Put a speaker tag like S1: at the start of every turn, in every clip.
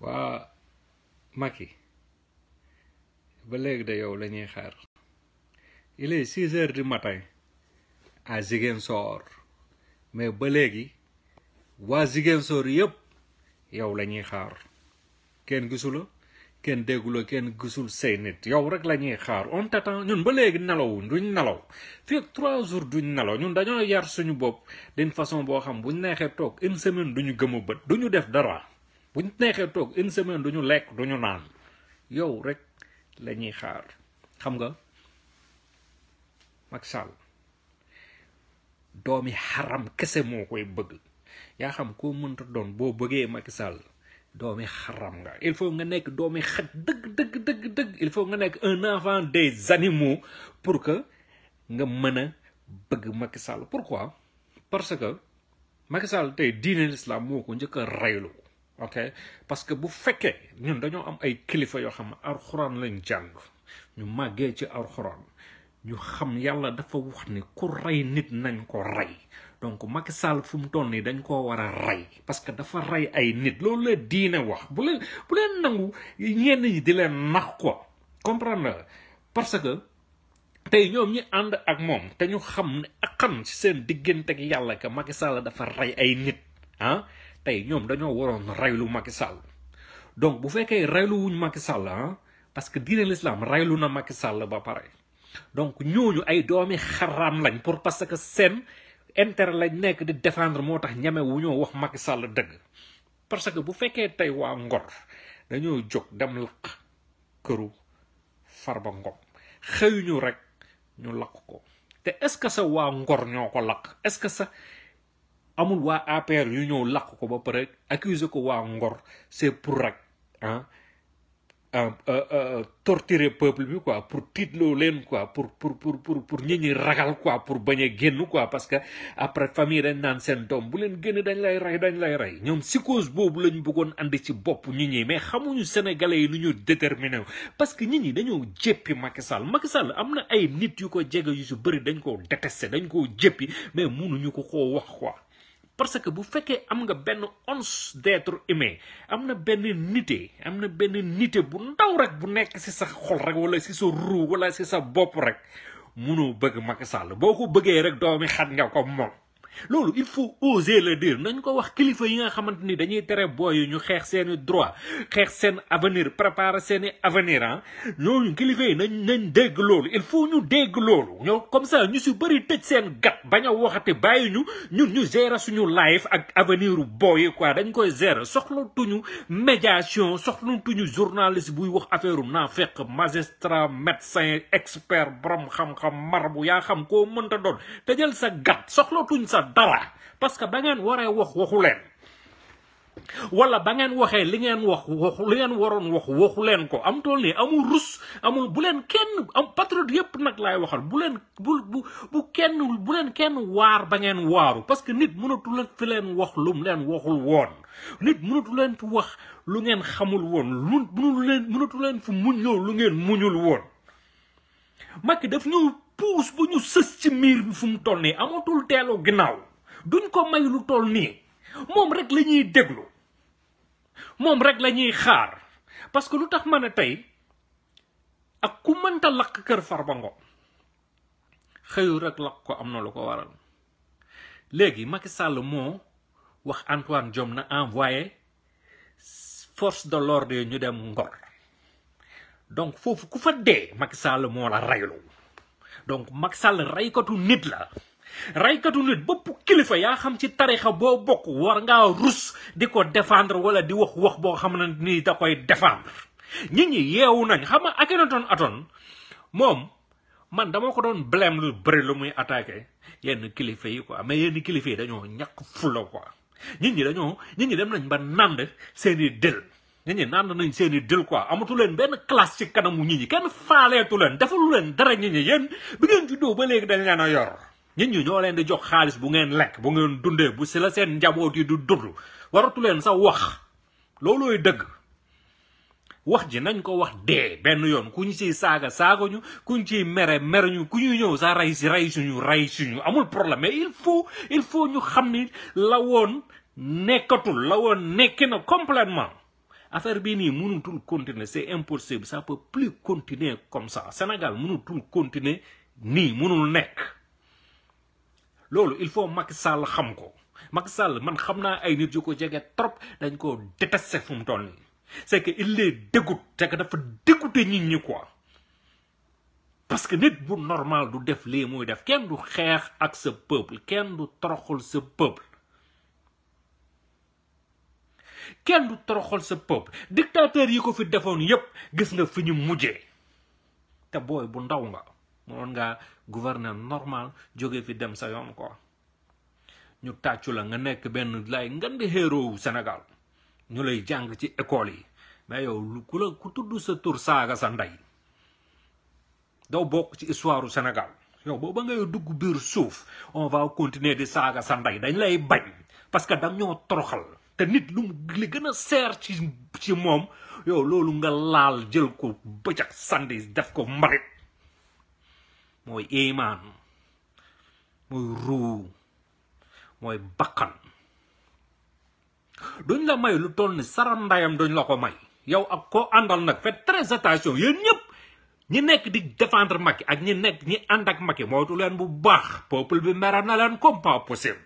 S1: waa Macky ba léegi de yow la ñuy xaar il est six heures du matin à Ziguinchor mais ba léegi waa Ziguinchor yëpp yow la ñuy xaar kenn gisula kenn déggula kenn gisul say nit yow rek la ñuy xaar on t'attend ñun ba léegi nelawuñ duñ nelaw fii ak trois jours duñ nelaw ñun dañoo yar suñu bopp d'une façon boo xam buñ neexee toog une semaine duñu gëm a bët duñu def dara bu ñu neexee toog une semaine du ñu lekk du naan yow rek lañuy xaar xam nga Macky Sall doomi xaram kese moo koy bëgg yaa xam koo mënta doon boo bëggee Macky Sall doomi xaram nga il faut nga nekk doomi xaj dëgg dëgg dëgg dëgg il faut nga nekk un enfant des animaux pour que nga mën a bëgg Macky Sall pourquoi parce que Macky Sall tey diine l'islam moo ko njëkk a ok parce que bu fekkee ñun dañoo am ay kilifa yoo xam ne alxuraan lañ jàng ñu màggee ci alxuraan ñu xam yàlla dafa wax ni ku rey nit nañ ko rey donc Macky Sall fu mu toll nii dañ koo war a rey parce que dafa rey ay nit loolu la diine wax bu leen nangu ñenn ñi di leen nax ko comprendre parce que tey ñoom ñi ànd ak moom te ñu xam ne ak xam ci seen diggante ak yàlla que Macky Sall dafa rey ay nit ah? tey ñoom dañoo waroon raylu Macky Sall donc bu fekkee raylu wuñ Macky Sall ah parce que diine l'islam raylu na Macky Sall ba pare donc ñooñu ay doomi xaram lañ pour parce que seen intérêt lañ nekk di défendre moo tax ñeme wu ñoo wax Macky Sall dëgg parce que bu fekkee tey waa Ngor dañoo jóg dem laq këru far Farba Ngom xëyuñu rek ñu laq ko te est-ce que sa waa Ngor ñoo ko laq est-ce que sa amul waa APR yu ñëw làq ko ba pare accuser ko waa Ngor c'est pour rek ah torturer peuple bi quoi pour tiitloo leen quoi pour pour pour pour pour ñi ñi ragal quoi pour bañ génn quoi parce que après famille dañ naan seen doom bu leen génn dañ lay rey dañ lay rey ñoom psychose boobu lañ bëggoon andi ci bopp ñi ñi mais xamuñu sénégalais yi lu ñu déterminé parce que ñi ñi dañoo jéppi Macky Sall Macky Sall am na ay nit yu ko jege yu su bëri dañ koo détesté dañ koo jéppi mais mënuñu ko koo wax quoi. parce que bu fekkee am nga benn once d'être humain am na benn nité am na benn nité bu ndaw rek bu nekk si sa xol rek wala si sa ruu wala si sa bopp rek munoo bëgg Macky Sall boo ko bëggee rek doomi xat nga ko moom lolu il faut oser le dire nagn ko wax kilifa yi nga xamanteni dañuy téré booy ñu xeex seen droit xeex seen avenir préparer seen avenir hein ah. ñoo kilifa yi nañ dégg lolu il faut ñu dégg lolu ñoo comme ça ñu su bari tëj seen gat baña waxati bayu ñu ñun ñu gérer suñu life ak avenir boy quoi dañ koy gérer tuñu médiation tuñu journaliste buy wax affaire u magistrat médecin expert borom xam-xam marbu ya xam koo mënta doon te sa gat soxlatuñ tuñu dara parce que ba ngeen waree wax waxu leen wala ba ngeen waxee li ngeen wax waxu li ngeen wax waxu leen ko am tool nii amul rus amul bu leen kenn am patriote yépp nag laay waxal bu leen bu bu bu kenn bu leen kenn waar ba ngeen waaru parce que nit mënatu leen fi leen wax lum leen waxul woon nit mënatu leen fi wax lu ngeen xamul woon lu mënatu leen mënatu leen fi muñ yow lu ngeen muñul woon Macky daf ñëw pus buñu ñu ci mir bi fu mu toll amatul télo ginnaaw duñ ko may lu toll nii moom rek lañuy déglu mom rek lañuy xaar parce que lutax mané tay ak ku mënta lak kër Farba ngo xeyu rek lak ko amna lu ko waral légui Macky Sall mo wax Antoine Diom na envoyé force de l'ordre ñu dem Ngor donc fofu ku fa dé Macky Sall mo la donc Macky Sall reykatu nit la reykatu nit bopp kilifa yaa xam ci tarixa boo bokk war ngaa rus di ko défendre wala di wax wax boo xam ne nii da koy défendre nit ñi yeewu nañ xam nga Akhenaton Aton moom man dama ko doon blème lu bëri lu muy attaqué yenn kilifa yi quoi mais yenn kilifa yi dañoo ñàkk fula ko nit ñi dañoo nit ñi dem nañ ba nànd seeni dël nit ñi naan nañ seen i dil quoi amatu leen benn classe ci kanamu nit ñi kenn faaleetu leen defalu leen dara nit ñi yéen bi ngeen juddoo ba léegi dañ leen a yor nit ñi ñoo leen di jox xaalis bu ngeen lekk bu ngeen dundee bu si la seen njaboot yi du dund waratu leen sa wax loolooy dëgg wax ji nañ ko wax dee benn yoon ku ñu si saaga saaga ñu ku ñu ciy mere mere ñu ku ñuy ñëw sa rey si rey suñu rey suñu amul problème il faut il faut ñu xam ni la woon nekkatul la woon nekki na complètement affaire bi nii tout continuer c'est impossible ça peut plus continuer comme ça Sénégal tout continuer ni mënul nek loolu il faut Macky Sall xam ko Macky Sall man xamna ay nit joko ko trop dañ ko détester fum mu c'est que il les dégoûte c'est que dafa dégoûter nit ñi quoi parce que nit bu normal du def lii muy def kenn du xeex ak ce peuple kenn du toroxal ce peuple kenn du toroxol sa peuple dictateur yi ko fi defone yep gis nga fiñu mujjé té boy bu ndaw nga mon nga gouverneur normal jogé fi dem sa yoon quoi ñu tàccu la nga nek ben lay ngand héro wu Sénégal ñu lay jang ci école yi mais yow ku la ku tuddu sa tur saaga sa nday do bok ci histoire u Sénégal yow ba ngay dugg bir souf on va continuer de saaga sa nday dañ lay bañ parce que dam ñoo toroxal te lum lu li gëna ser ci ci mom yow lolu nga laal jël ko bëccëg sandi def ko mbarit moy iman moy ru, moy bakkan duñ la may lu toll ni ndayam duñ la ko may yow ak ko andal nak fait très attention yeen ñep ñi nekk di défendre makki ak ñi nekk ñi ànd ak Macky tu len bu baax peuple bi mere na len comme pas possible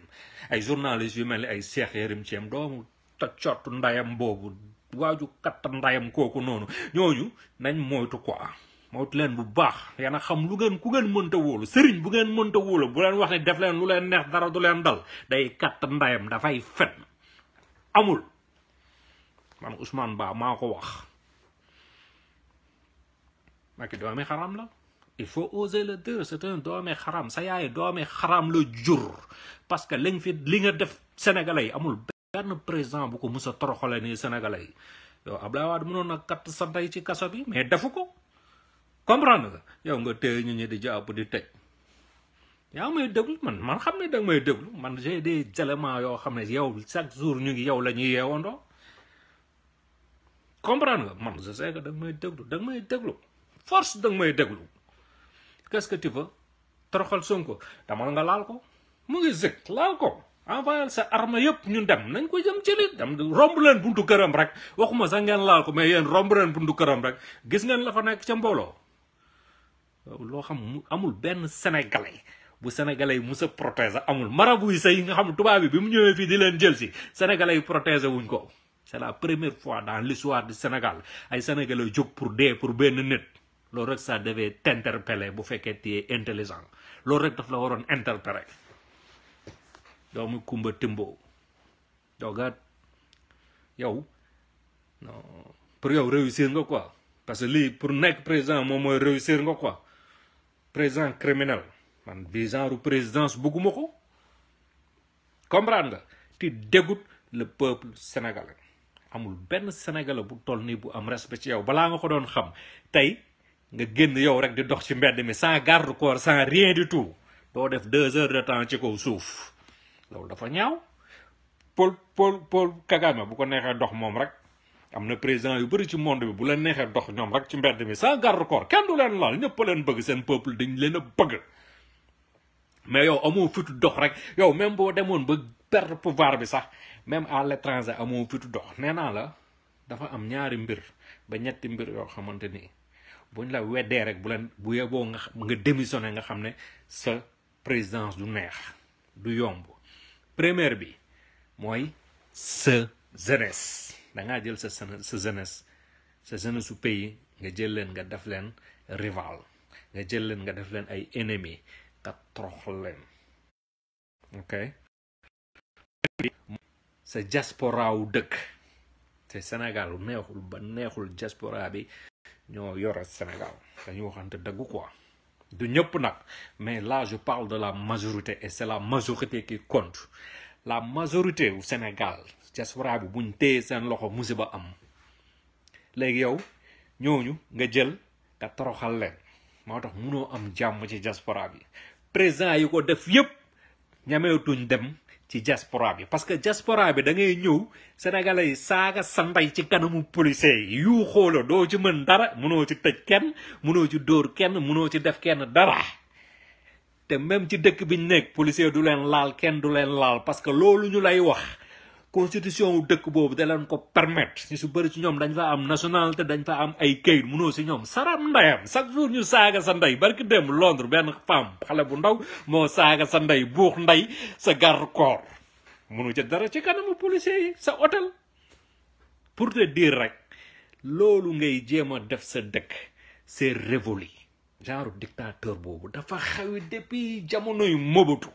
S1: ay journaliste yu mel ni ay Cheikh Yérim Thiam doomu cott ndayam boobu waaju katt ndayam kooku noonu ñooñu nañ moytu quoi moytu leen bu baax yéen a xam lu ngeen ku ngeen mënta wóolu sëriñ bu ngeen mënta wóolu bu leen wax ne def leen lu leen neex dara du leen dal day katt ndayam dafay fet amul man Ousmane Ba maa ko wax Macky doomi xaram la il faut oser le dire c'est un doomi xaram sa yaay doomi xaram la jur parce que li fi li nga def sénégalais yi amul benn président bu ko mus a toroxale nii sénégalais yi yow Abdoulaye mënoon na kat sa ndey ci kaso bi mais defu ko comprendre nga yow nga téye ñu ñi di jàpp di tëj yaa may déglu man man xam ne danga may déglu man j'ai des éléments yoo xam ne yow chaque jour ñu ngi yow la ñuy yeewandoo comprendre nga man je sais danga may déglu danga may déglu force danga may déglu qu'est-ce que tu veux toroxal sonko dama nga lal ko mu ngi zek lal ko avant sa arme yépp ñun dem nañ ko jëm jëli dem rombu len buntu kërëm rek waxuma sa ngeen lal ko mais yeen rombu len buntu kërëm rek gis ngeen la fa nek ci mbolo lo xam amul ben sénégalais bu sénégalais musa protéger amul marabu yi sey nga xam tuba bi bi mu ñëwee di len jël si sénégalais protéger wuñ ko c'est la première fois dans l'histoire du sénégal ay sénégalais jog pour dé pour ben nit Lorsque rek ça devait t'interpeller bu que tu es intelligent loolu rek daf la waroon interpeller doomu Kumba Timbo doogaat yow non pour yow réussir nga quoi parce que lii pour nek président moi moi réussir nga quoi président criminel man bi genre présidence bugguma ko comprendre tu dégoûtes le peuple sénégalais amul ben sénégalais bu toll nii bu am respect ci yow balaa nga ko doon xam nga génn yow rek di dox ci mbedd mi sans garde corps sans rien du tout doo def deux heures de temps ci kaw suuf loolu dafa ñaaw Paul pour Paul Kagame bu ko neexee dox moom rek am na président yu bëri ci monde bi bu leen neexee dox ñoom rek ci mbedd mi sans garde corps kenn du leen laal ñëpp leen bëgg seen peuple dañ leen a bëgg mais yow amoo fitu dox rek yow même boo demoon ba perdre pouvoir bi sax même à l'étranger amoo fitu dox nee naa la dafa am ñaari mbir ba ñetti mbir yoo xamante ni bu buñ la weddee rek bu la bu yeboo nga nga démissionné nga xam ne sa présidence du neex du yomb première bi mooy sa jeunesse da ngaa jël sa sa jeunesse sa jeunesse su pays nga jël leen nga def leen rival nga jël leen nga def leen ay ennemi nga trox leen ok sa diaspora wu dëkk te Sénégal neexul ba neexul diaspora bi ñoo yore Sénégal dañu quoi du ñëpp mais là je parle de la majorité et c'est la majorité qui compte la majorité au Sénégal diaspora bi buñ téye seen loxo musiba am léegi yow ñooñu nga jël nga toroxal am ci bi dem ci diaspora bi parce que diaspora bi da ngay ñëw sénégalais yi saaka sa ndey ci kanamu policiers yi yu xoola doo ci mën dara mënoo ci tëj kenn mënoo ci dóor kenn mënoo ci def kenn dara te même ci dëkk biñ nekk policier du leen laal kenn du leen laal parce que loolu ñu lay wax constitution wu dëkk boobu da leen ko permettre ñu su bëri ci ñoom dañ fa am nationalité dañ fa am ay kayit munoo si ñoom saram ndayam chaque jour ñu saaga sa ndey barki dem Londres benn femme xale bu ndaw moo saaga sa ndey buux ndey sa garde corps munu ca dara ci kanamu policiers sa hôtel pour te dire rek loolu ngay jéem a def sa dëkk c'est révolu genre dictateur boobu dafa xawi depuis jamonoy mobatu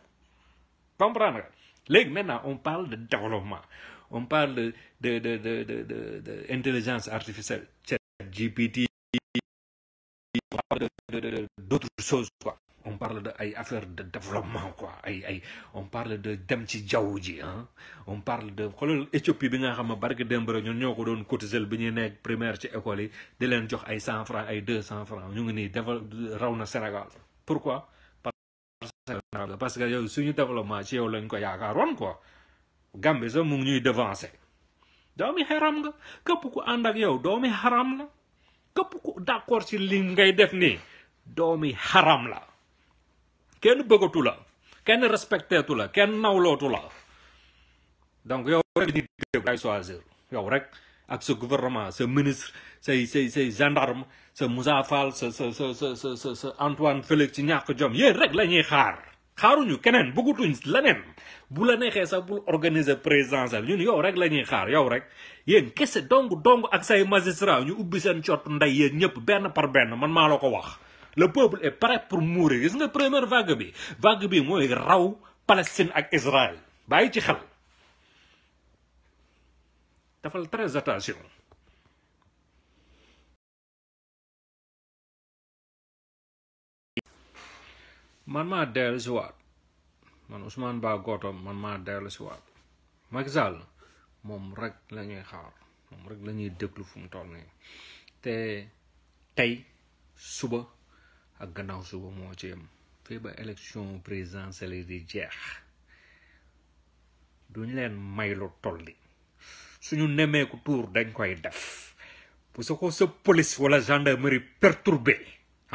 S1: comprendre nga maintenant on parle de développement on parle de de de de de artificielle d'autres choses on parle de de développement quoi on parle de dem ci hein. on parle de quand bi nga primaire école francs 200 francs pourquoi Sénégal la parce que yow suñu développement ci yow lañ ko yaakaaroon quoi Gambie sax mu ngi ñuy devancer doomi xaram nga këpp ku ànd ak yow doomi xaram la képp ku d'accord ci li ngay def nii doomi xaram la kenn bëggatu la kenn respecteetu la kenn nawlootu la donc yow rek ay choisir yow rek ak sa gouvernement sa ministre say say say gendarme sa Moussa Fall sa sa sa sa sa sa Antoine Félix ci ñàkk jom yéen rek la ñuy xaar xaaruñu keneen bëggutuñ leneen bu la neexee sax bul organiser présidentielle ñun yow rek la ñuy xaar yow rek yéen kese dong dong ak say magistrat ñu ubbi seen cott ndey yéen ñëpp benn par benn man maa la ko wax le peuple est prêt pour mourir gis nga première vague bi vague bi mooy raw Palestine ak Israël bàyyi ci xel defal très attention man maa dellu si waat man Ousmane Ba Gotham man maa dellu si waat Macky moom rek la xaar moom rek la ñuy déglu fu mu toll nii te tey suba ak gannaaw suba moo ci yem fii ba élection présidentielle di jeex duñ leen may lu toll nii suñu nemmeeku tuur dañ koy def bu su ko sa police wala gendarmerie perturbé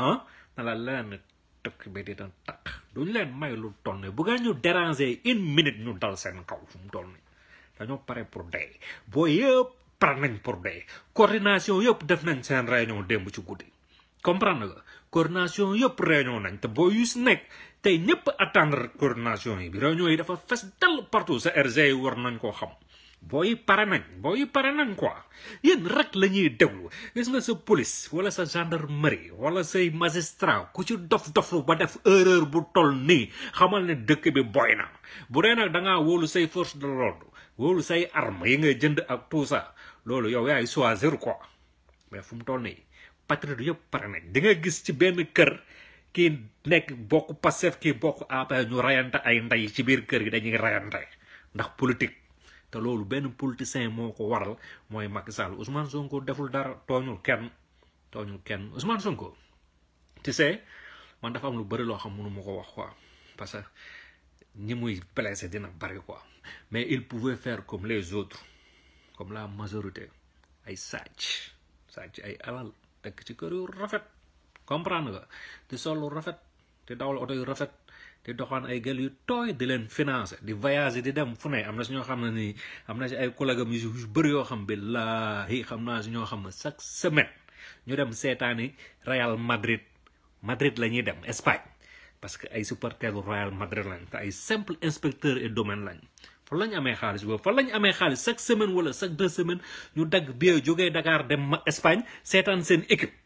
S1: ah na la leen tëkk bi di daan takk duñ leen may lu toll nii bu ngeen ñu déranger une minute ñu dal seen kaw fu mu toll nii dañoo pare pour dee boo yëpp pare nañ pour dee coordination yëpp def nañ seen réunion démb ci guddi comprend nga coordination yëpp réunion nañ te boo yu nekk tey ñëpp attendre coordination yi bi réunion yi dafa fes dal partout sa RG yi war nañ koo xam booy pare nañ booy pare nañ ko yéen rek la ñuy déglu gis nga sa police wala sa gendarmerie wala say magistrat ku ci dof-dofu ba def erreur bu toll nii xamal ne dëkk bi booy na bu dee nag da ngaa wóolu say force de l'ordre wóolu say arme yi ngay jënd ak tout loolu yow yaay choisir ko mais fu mu toll nii patriote yëpp pare nañ di nga gis ci benn kër kii nekk bokk Pastef kii bokk APR e ñu rayante ay ndey ci biir kër gi dañuy rayante ndax politique. te loolu benn politicien moo ko waral mooy Macky Sall Ousmane Sonko deful dara tooñul kenn tooñul kenn Ousmane Sonko tu sais man dafa am lu bëri loo xam mënu ma ko wax quoi parce que ñi muy blessé dina bëri quoi mais il pouvait faire comme les autres comme la majorité ay sàcc sàcc ay alal dëkk ci kër yu rafet comprendre nga te sol lu rafet te dawal oto yu rafet di doxaan ay gel yu tooy di leen financé di voyagé di dem fu ne am na si ñoo xam ne ni am na si ay collègues am yu bëri yoo xam billaahi xam naa si ñoo xam ne chaque semaine ñu dem seetaani Real Madrid Madrid la ñuy dem Espagne parce que ay supporters Real Madrid lañ te ay simple inspecteur et domaine lañ fa lañ amee xaalis boobu fa lañ amee xaalis chaque semaine wala chaque deux semaine ñu dagg bi billet jógee Dakar dem Espagne seetaan seen équipe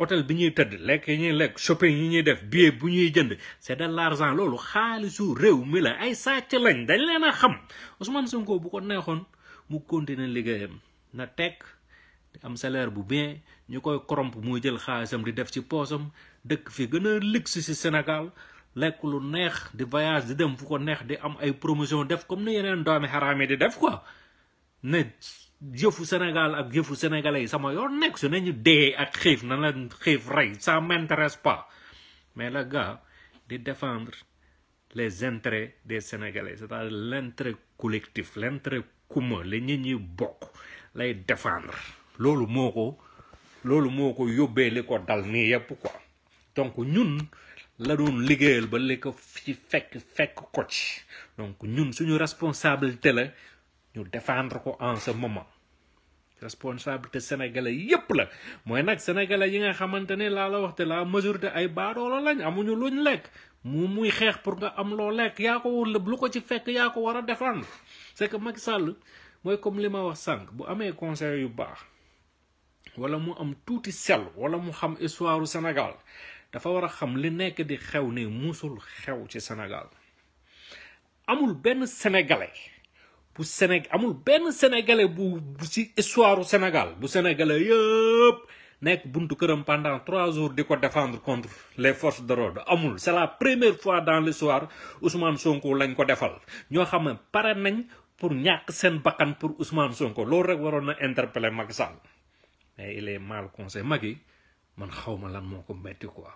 S1: hôtel bi ñuy tëdd lekk ñuy lekk shopping yi ñuy def billet bu ñuy jënd c'est de l'argent loolu xaalisu réew mi la ay sàcc lañ dañ leen a xam Ousmane Sonko bu ko neexoon mu continuer liggéeyam na tekk am salaire bu bien ñu koy corrompe muy jël xaalisam di def ci poosam dëkk fii gën a luxe si Sénégal lekk lu neex di voyage di dem fu ko neex di am ay promotion def comme ni yeneen doomi xaraam yi di def ko ne jëfu Sénégal ak jëfu sénégalais yi sama yoon nekk su ñu dee ak xiif na la xiif rey ça m'intéresse pas mais la gars di défendre les intérêts des sénégalais c'est-à-dire l'intérêt collectif l'intérêt commun la nit ñi bokk lay défendre loolu moo ko loolu moo ko yóbbee li ko dal nii yëpp quoi donc ñun la doon liggéeyal ba li ko fekk fekk ko donc ñun suñu responsabilité la ñu défendre ko en ce moment responsabilité sénégalais yépp la mooy nag sénégalais yi nga xamante ne laa la wax te la majorité ay baadoola lañ amuñu luñ lekk mu muy xeex pour nga am loo lekk yaa ko lëb lu ko ci fekk yaa ko war a défendre c' est que Macky Sall mooy comme li wax sànq bu amee conseil yu baax wala mu am tuuti sel wala mu xam histoire Sénégal dafa war a xam li nekk di xew ne musul xew ci Sénégal amul benn sénégalais bu Senegal amul ben sénégalais bu ci histoire Sénégal bu sénégalais yëpp nek buntu këram pendant 3 jours diko défendre contre les forces de l'ordre amul c'est la première fois dans l'histoire Ousmane Sonko lañ ko défal ño xamé paré nañ pour ñak sen bakan pour Ousmane Sonko loolu rek waroon na interpeller Macky Sall mais il est mal conseillé Macky man xawma lan moko metti quoi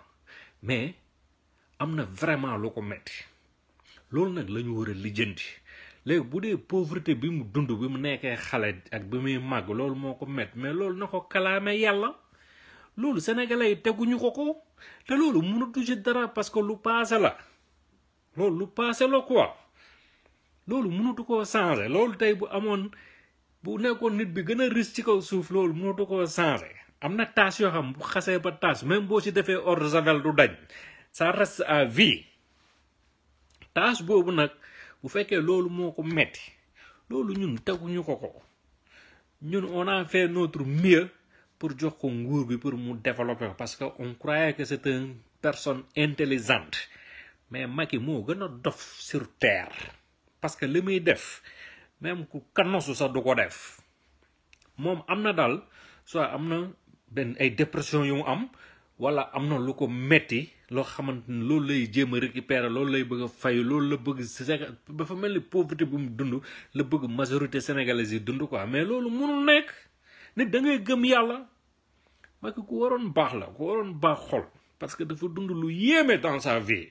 S1: mais amna vraiment lu ko metti lool nak lañu wara lijeenti léegi bu dee pauvreté bi mu dund bi mu nekkee xale ak bi muy màgg loolu moo ko met mais loolu na ko kalaame yàlla loolu sénégalais yi teguñu ko ko te loolu mënatu ci dara parce que lu paase la loolu lu passé la ko loolu mënatu koo changé loolu tey bu amoon bu nekkoon nit bi gën a riche ci kaw suuf loolu mënatu koo changé am na tâche yoo xam bu xasee ba taas même boo ci defee ordre javel du dañ ça reste à vie tâche boobu nag bu fekkee loolu moo ko metti loolu ñun teguñu ko ko ñun on a fait notre mieux pour jox ko nguur bi pour mu développer ko parce que on croyait que c'est une personne intelligente mais Macky moo gën a dof sur terre parce que li muy def même ku kanosu sax du ko def moom am na dal soit am na benn ay dépression yu mu am wala am na lu ko metti loo xamante ni loolu lay jéem a récupérer loolu lay bëgg a fayu loolu la bëgg dafa mel ni pauvreté bu mu dund la bëgg majorité sénégalaise yi dund quoi mais loolu mënul nekk nit da ngay gëm yàlla Macky ku waroon baax la ku waroon baax xol parce que dafa dund lu yéeme dans sa vie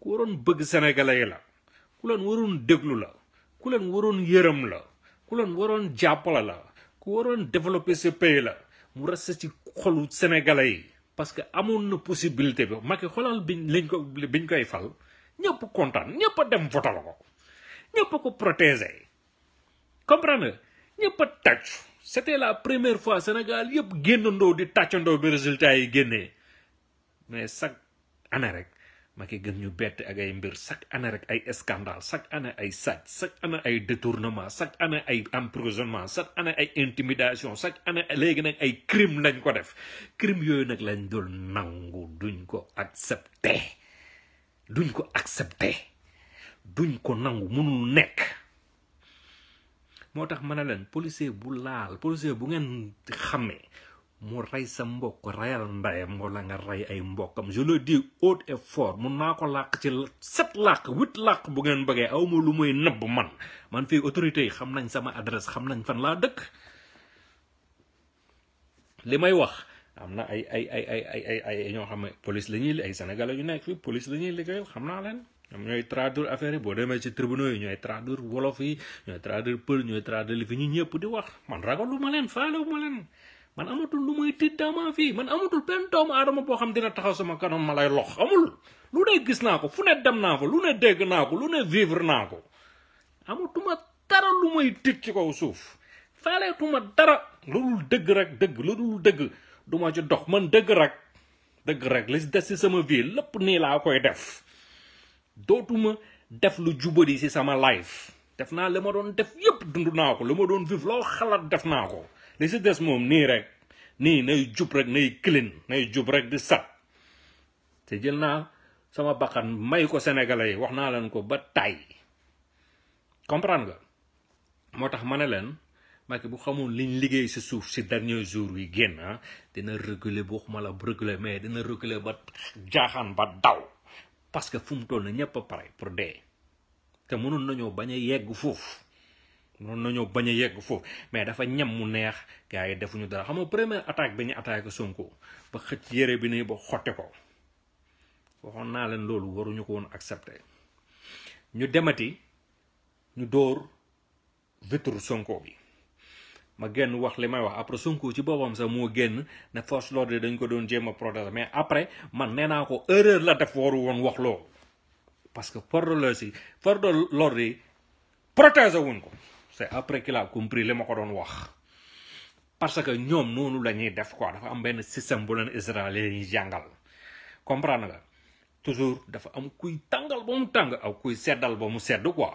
S1: ku waroon bëgg yi la ku leen waroon déglu la ku leen waroon yërëm la ku leen waroon jàppale la ku waroon développer ce pays la mu resté ci xolu sénégalais yi parce que amoon na possibilité bi mag Macky xoolal biñ liñ ko bi ñu koy fal ñëpp kontaan ñëpp a dem votal ko ñëpp a ko protéger comprendre ñëpp a tàccu c'était la première fois Sénégal yëpp génnandoo di tàccandoo bi résultat yi génnee mais chaque année rek ma Macky gën ñu bett ak ay mbir chaque année rek ay scandale chaque année ay sàcc chaque année ay détournement chaque année ay emprisonnement chaque année ay intimidation chaque année léegi nag ay crime lañ ko def crime yooyu nag lañ dul nangu duñ ko accepté duñ ko accepté duñ ko nangu mënul nekk moo tax ma ne leen policier bu laal policier bu ngeen xamee mu ray sa mbokk nday mo la nga ray ay mbokam je le dis haut et fort mun nako lak ci sept lak huit lak bu ngeen beugé aw ma lu moy neub man man fi autorité xam nañ sama adresse xam nañ fan la dekk limay wax amna ay ay ay ay ay ay ay ñoo xam police lañuy ñuy ay sénégalais yu nekk fi police lañuy ñuy liggéeyal xam naa leen ñoom ñooy traduire affaire bo boo ci tribunal yi traduire wolof yi ñoy traduire peul ñoy traduire li fi ñu ñëpp di wax man ragaluma len leen len man amatul lu may tiit dama fii man amatul benn doomu adama boo xam dina taxaw sama kanam malay lay lox amul lu ne gis naa ko fu ne dem naa fa lu ne dégg naa ko lu ne vivre naa ko amatuma dara lu may tiit ci kaw suuf faaleetuma dara lu dëgg rek dëgg lu dul dëgg du ma ci dox man dëgg rek dëgg rek li des ci sama vie lépp nii laa koy def dootuma def lu jubadi si sama life def naa li ma doon def yépp dund naa ko lu ma doon vivre loo xalaat def naa ko li si des moom nii rek nii nay jub rek nay clean nay jub rek di sat te jël naa sama baqan may ko sénégalais yi wax naa leen ko ba tay comprendre nga moo tax ma ne leen Macky bu xamul liñ liggéey si suuf si dernier jour yi génn ah, dina reculer bu waxuma la reculer mais dina reculer ba jaaxaan ba daw parce que fu mu toll na ñépp a pare pour dee te mënul nañoo bañ a yegg foofu mënoon nañoo bañ a yegg foofu mais dafa ñam mu neex gars yi defuñu dara xam nga première attaque bi ñu attaqué Sonko ba xëcc yére bi nii ba xotte ko waxoon naa leen loolu waruñu ko woon accepté ñu demati ñu dóor vitre Sonko bi ma génn wax li may wax après Sonko ci boppam sax moo génn ne force l'ordre dañ ko doon jéem a protéger mais après man nee naa ko erreur la def waru woon wax loolu parce que force de l'ordre yi force wuñ ko c'est après qu'il a compris li ma ko doon wax parce que ñoom noonu la ñuy def quoi dafa am benn système bu leen israélien yi jàngal comprendre nga toujours dafa am kuy tàngal ba mu tàng ak kuy seddal ba mu sedd ko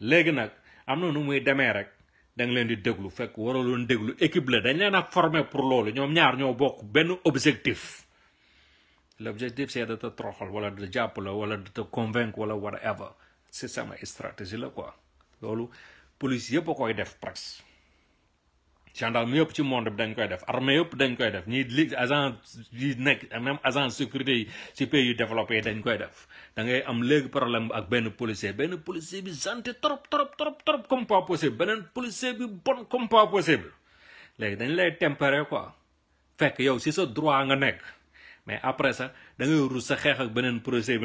S1: léegi nag am na nu muy demee rek da leen di déglu fekk waroo loon déglu équipe la dañ leen a formé pour loolu ñoom ñaar ñoo bokk benn objectif l'objectif c'est de te troxal wala de jàpp la wala de te convaincre wala whatever c'est sama stratégie la quoi loolu police yëpp a koy def presque gendarme yëpp ci monde bi dañ koy def armée yëpp dañ koy def nii li agent yi nekk même agent sécurité yi ci pays yu développé dañ koy def da am léegi problème ak benn policier benn policier bi santé trop trop trop trop comme pas possible beneen policier bi bon comme possible léegi dañ lay tempérer ko fekk yow si sa droit nga nekk mais après sa da ngay rus sa xeex ak beneen policier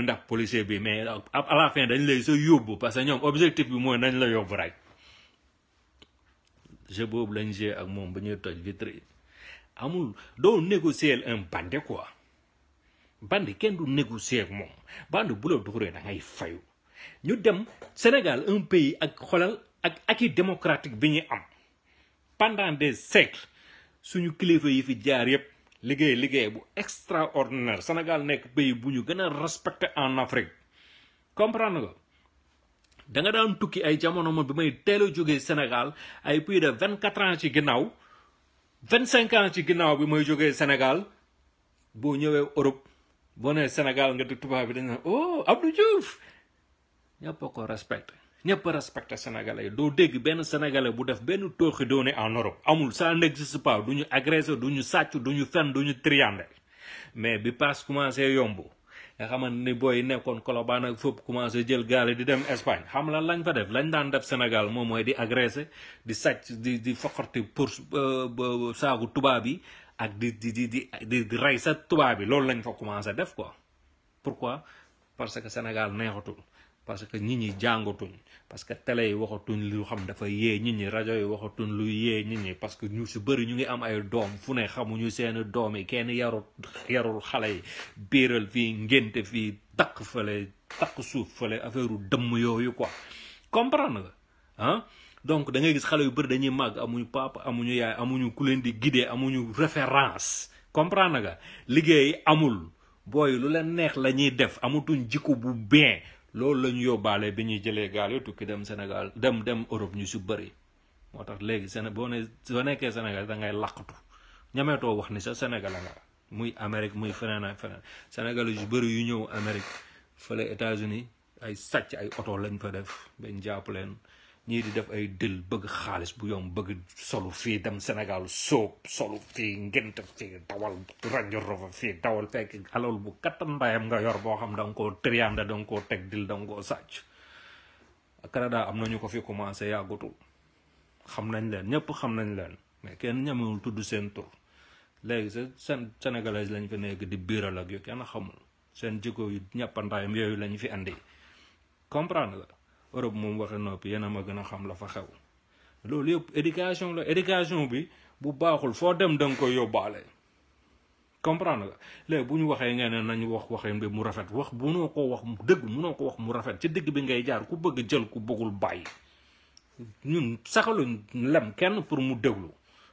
S1: bi bi mais à la fin dañ lay sa yóbbu parce que ñoom objectif bi mooy nañ la yóbbu rek Je boobu lañ ak mom ba toj vitre amul do négocier un bandé quoi bandé kenn du négocier ak mom bande bu la duxuree da ngay fayu ñu dem Sénégal un pays ak xolal ak acquis démocratique biñu am pendant des siècles suñu kilifa yi fi jaar yépp liggéey liggéey bu extraordinaire Sénégal nekk pays bu ñu gën a en Afrique comprendre nga. da nga daan tukki ay jamono ma bi may teel a jógee Sénégal ay plus de vingt quatre ans ci ginnaaw vingt cinq ans ci ginnaaw bi may jógee Sénégal boo ñëwee Europe boo nee Sénégal nga di tubaab bi dañ naan oh Abdou Diouf ñëpp a ko respecté ñëpp respecté sénégalais doo dégg benn sénégalais bu def benn tooxi doone en Europe amul ça n'existe pas du ñu agressé du ñu sàcc du ñu fen du ñu triande mais bi paas commencé yomb. nga xamante ni booy nekkoon Colobane ak foofu commencé jël gaale di dem Espagne xam lan lañ fa def lañ daan def Sénégal moom mooy di agressé di sàcc di di foqarti pour euh, saagu tubaab yi ak di di di di di rey sa tubaab yi loolu lañ fa commencé def ko quoi pourquoi parce que Sénégal neexatul parce que nit ñi jàngatuñ parce que télé yi waxatuñ lu xam dafa yee nit ñi rajo yi waxatuñ lu yee nit ñi parce que ñu si bëri ñu ngi am ay doom fu ne xamuñu seen doom yi kenn yarul yarul xale yi biiral fii ngénte fii takk fële takk suuf fële affaire dëmm yooyu ko comprendre nga donc da gis xale yu bëri dañuy màgg amuñu papa amuñu yaay amuñu ku leen di guider amuñu référence comprendre nga liggéey amul booy lu leen neex lañuy def amatuñ jikko bu bien loolu la ñu yóbbaale bi ñuy jëlee gaal yi tukki dem Sénégal dem dem Europe ñu si bëri moo tax léegi Séné boo ne soo nekkee Sénégal da ngay laqatu ñameetoo wax ni sa Sénégal nga muy Amérique muy feneen a feneen Sénégal yu bëri yu ñëw Amérique fële États-Unis ay sàcc ay oto lañ fa def bañ jàpp leen. ñi di def ay deul bëgg xaaliss bu yom bëgg solo fi dem sénégal so solo fi ngent fii dawal ranjorofa fi dawal fek alal bu katam bayam nga yor bo xam da nga koo trianda da nga koo teg dil da nga koo canada am nañu ko fi commencé yàggutul xam nañ leen ñepp xam nañ leen mais kenn ñamul tuddu sen tour légui sa seen sénégalais lañ fi nekk di biral ak yu kenn xamul sen jikko yu ñàppandaayam yoyu lañ fi andi comprendre Europe moom waxe noppi yéen a ma gën a xam la fa xew loolu yëpp éducation la éducation bi bu baaxul foo dem da nga koy yóbbaale comprendre nga léegi bu ñu waxee nga ne nañu wax waxee bi mu rafet wax bu noo ko wax mu dëgg munoo ko wax mu rafet ci dëgg bi ngay jaar ku bëgg jël ku bëggul bàyyi ñun saxaluñ lem kenn pour mu déglu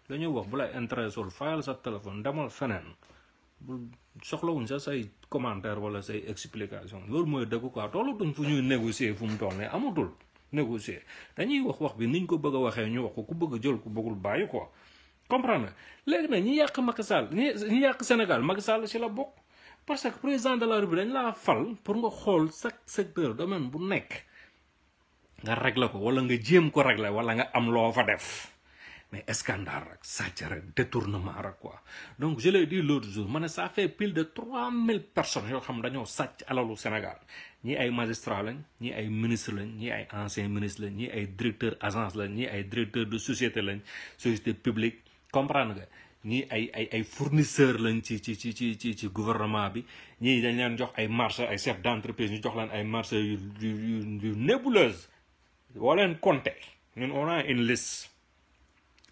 S1: dañuy wax bu lay intéressul fayal sa téléphone demal feneen soxlawuñ sa say commentaire wala say explication loolu mooy dëgg toolu duñ fu ñuy négocier fu mu toll ne amatul négocier dañuy wax wax bi niñ ko bëgg a waxee ñu wax ko ku bëgg jël ku bëggul bàyyi ko comprendre léegi nag ñi yàq Macky Sall ñi yàq Sénégal mag Sall si la bokk parce que président de la République dañ laa fal pour nga xool chaque secteur domaine bu nekk nga régler ko wala nga jéem ko régler wala nga am loo fa def mais scandale rek sàcc rek détournement rek quoi donc je l'ai dit l'autre jour ma ne ça fait pile de trois mille personnes yoo xam dañoo sàcc alalu Sénégal ñi ay magistrat lañ ñii ay ministre lañ ñii ay ancien ministre lañ ñii ay directeur agence lañ ñii ay directeur de société lañ société publique comprendre nga ñii ay ay ay fournisseur lañ ci ci ci ci ci ci gouvernement bi ñii dañ leen jox ay marché ay chef d'entreprise ñu jox leen ay marché yu yu yu nébuleuse woo leen conté ñun on a une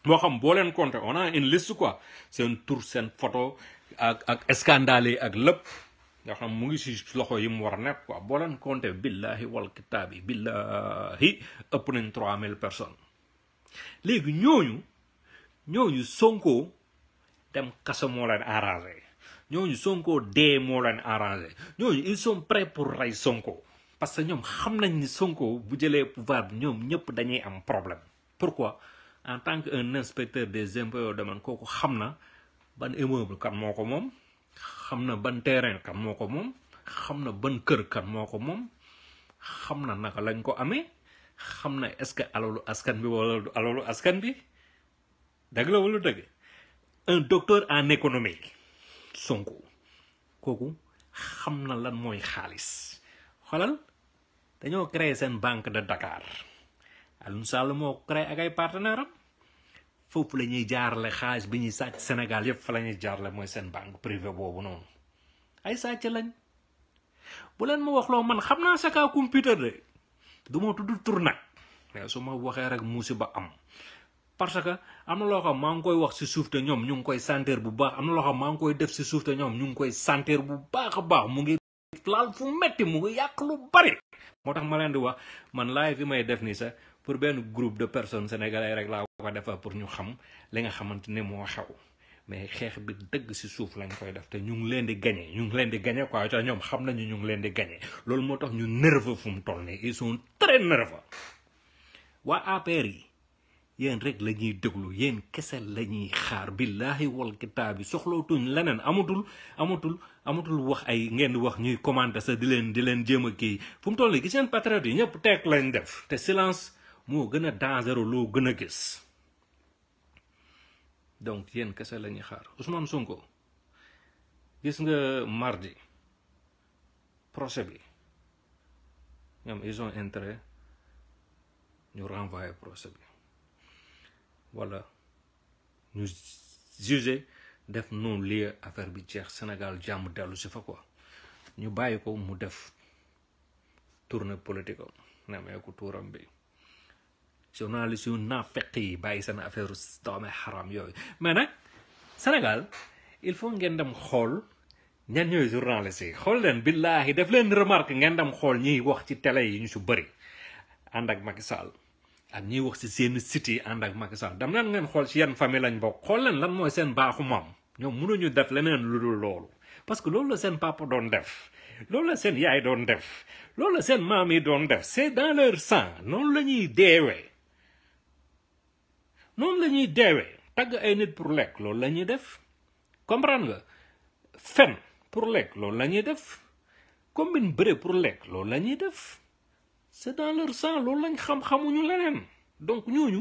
S1: moo xam boo leen compté on a une liste quoi seen tur seen photo ak ak scandale ak lépp nga xam mu ngi si loxo yi mu war a nekk quoi boo leen compté billahi wal kitaabi billahi ëpp nañ trois mille personnes léegi ñooñu ñooñu Sonko dem kaso moo leen arrangé ñooñu Sonko dee moo leen arrangé ñooñu ils sont prêts pour rey Sonko parce que ñoom xam nañ ni Sonko bu jëlee pouvoir bi ñoom ñëpp dañuy am problème pourquoi en tant que un inspecteur des impôts domaine kooku xam na ban immeuble kan moo ko moom xam na ban terrain kan moo ko moom xam na ban kër kan moo ko moom xam na naka lañ ko amee xam na est-ce que alalu askan bi wala du alalu askan bi dëgg la wala dëgg un docteur en économie Sonko kooku xam na lan mooy xaalis xoolal dañoo créer seen banque de dakaar Alioune Sall moo ak ay partenaire foofu lañuy ñuy jaarale xaalis bi ñuy sàcc Sénégal yépp fa lañuy ñuy jaarale mooy seen banque privée boobu noonu ay sàcc lañ bu leen ma waxloo man xam naa sa kaa computer de du ma tudd tur nag mais su ma waxee rek musiba am parce que am na loo xam maa ngi koy wax si suuf te ñoom ñu ngi koy sentir bu baax am na loo xam maa ngi koy def si suuf te ñoom ñu ngi koy sentir bu baax a baax mu ngi laal fu metti mu ngi yàq lu bari moo ma leen di wax man laay fi may def ni sa pour benn groupe de personnes sénégalais rek laa ko defa pour ñu xam li nga xamantene mo xaw mais xex bi deug si souf lañ koy def te ñu ngi leen di gagné ñu ngi leen di gagné quoi ca ñom xam nañu ñu ngi leen di gagné lool moo tax ñu nerveux fu mu tolné ils sont très nerveux wa APR yi yeen rek lañuy deglu yeen kessel lañuy xaar billahi wal kitabi, soxlootuñ lenen amutul amutul amutul wax ay ngeen wax ñuy commander sa di leen di leen jéem ki fu mu toll nii seen patriote ñep tek lañ def te silence mo gëna dangereux lo gëna gis donc yéen kese lañuy ñuy xaar Ousmane Sonko gis nga mardi procès bi ñoom ils ont intérêt ñu renvoyer procès bi wala ñu juger def non lieu affaire bi jeex Sénégal jàmm dellu si fa ko ñu bàyyi ko mu def tournée politique am nemmeeku tuuram bi. journaliste yu naafeq yi bàyyi seen affaire doome xaram yooyu mais nag Sénégal il faut ngeen dem xool ñan ñooy journaliste yi xool leen billaahi def leen remarque ngeen dem xool ñiy wax ci télé yi ñu su bëri ànd ak Macky Sall ak ñiy wax si seen site ànd ak Macky Sall dem leen ngeen xool si yan famille lañ bokk xool leen lan mooy seen baaxu maam ñoom ñu def leneen lu dul loolu parce que loolu la seen papa doon def loolu la seen yaay doon def loolu la seen maam yi doon def c'est dans leur sang noonu la ñuy deewee Non lañuy déwé tag ay nit pour lekk lool lañuy def comprendre nga fen pour lekk lool lañuy ñuy def combine bëre pour lekk lool lañuy def c'est dans leur sang lool lañ xam xamuñu leneen donc ñooñu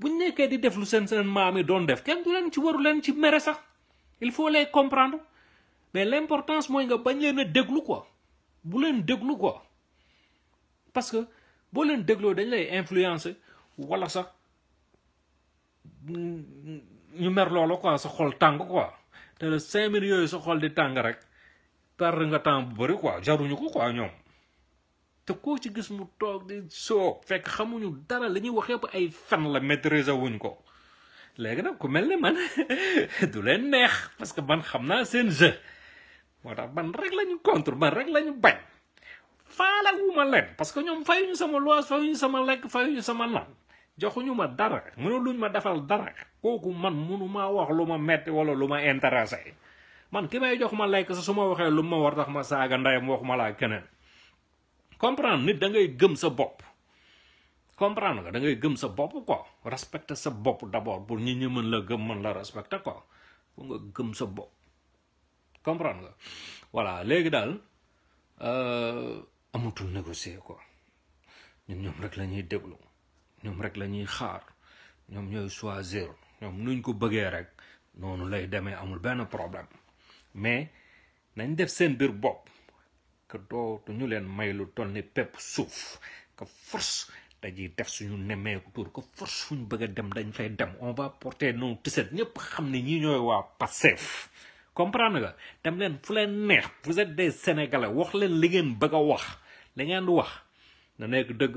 S1: buñ nekkee di def lu sen sen maam doon def kèn du len ci waru len ci mere sax il faut les comprendre mais l'importance moy nga bañ leena déglu quoi bu len déglu quoi parce que bo len dégloo dañ lay influencer wala sax ñu mer loolu quoi sa xol tàng quoi te le cinq mille yooyu sa xol di tàng rek perdre nga temps bu bëri quoi jaruñu ko ko ñoom te koo ci gis mu toog di soo fekk xamuñu dara li ñuy wax yëpp ay fen la maîtriser wuñ ko léegi nag ku mel ne man du leen neex parce que man xam naa seen jeu moo tax rek la ñu contre man rek la ñu bañ faala wu ma leen parce que ñoom fayuñu sama loyer fayuñu sama lekk fayuñu sama na joxuñu ma dara mënu luñ ma defal dara kooku man munu maa wax lu ma metti wala lu ma intéressé man ki may jox ma lekk sa su ma waxee lu ma war tax ma saaga ndeyam ma laa keneen comprendre nit da ngay gëm sa bopp comprendre nga da ngay gëm sa bopp quoi respecter sa bopp d'abord pour ñi ñu mën la gëm man la respecter quoi pour nga gëm sa bopp comprendre nga voilà léegi daal euh, amatul négocier ko ñu ñoom rek la ñuy déglu ñoom rek la ñuy xaar ñoom ñooy choisir ñoom nuñ ko bëggee rek noonu lay demee amul benn problème mais nañ def seen biir bopp que dootu ñu leen may lu toll ni pepp suuf que force dañuy def suñu nemmeeku tur que force fuñ bëgg a dem dañ fay dem on va porter nos t-shirts ñëpp xam ne ñi ñooy waa Pastef comprendre nga dem leen fu leen neex vous êtes des sénégalais wax leen li ngeen bëgg a wax li ngeen wax na nekk dëgg.